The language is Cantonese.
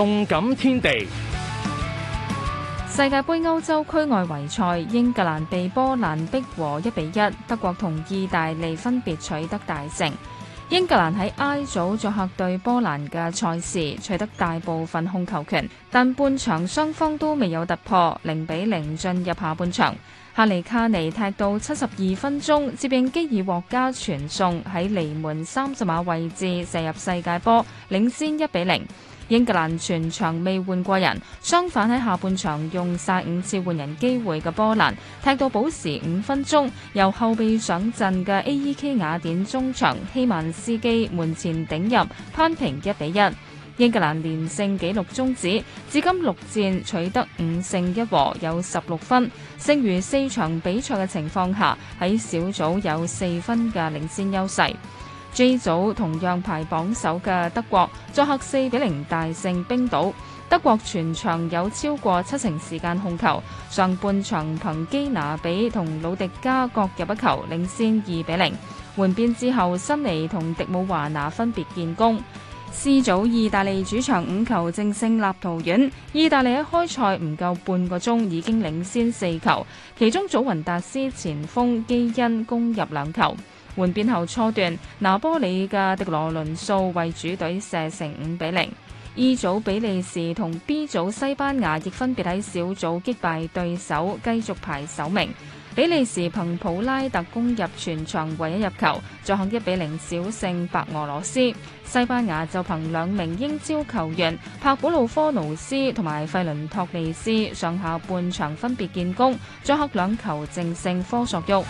動感天地。世界盃歐洲區外圍賽，英格蘭被波蘭逼和一比一，德國同意大利分別取得大勝。英格蘭喺 I 組作客對波蘭嘅賽事，取得大部分控球權，但半場雙方都未有突破，零比零進入下半場。哈利卡尼踢到七十二分鐘，接應基爾獲加傳送，喺離門三十碼位置射入世界波，領先一比零。英格蘭全場未換過人，相反喺下半場用晒五次換人機會嘅波蘭踢到補時五分鐘，由後備上陣嘅 A.E.K. 雅典中場希曼斯基門前頂入，扳平一比一。英格蘭連勝紀錄中止，至今六戰取得五勝一和，有十六分，剩餘四場比賽嘅情況下，喺小組有四分嘅領先優勢。J 組同樣排榜首嘅德國作客四比零大勝冰島，德國全場有超過七成時間控球，上半場憑基拿比同魯迪加各入一球，領先二比零。換邊之後，新尼同迪姆華拿分別建功。C 組意大利主場五球正勝立陶宛，意大利喺開賽唔夠半個鐘已經領先四球，其中祖雲達斯前鋒基恩攻入兩球。換邊後初段，拿波里嘅迪羅倫素為主隊射成五比零。E 組比利時同 B 組西班牙亦分別喺小組擊敗對手，繼續排首名。比利時憑普拉特攻入全場唯一入球，作客一比零小勝白俄羅斯。西班牙就憑兩名英超球員帕古魯科奴斯同埋費倫托利斯上下半場分別建功，作客兩球淨勝科索沃。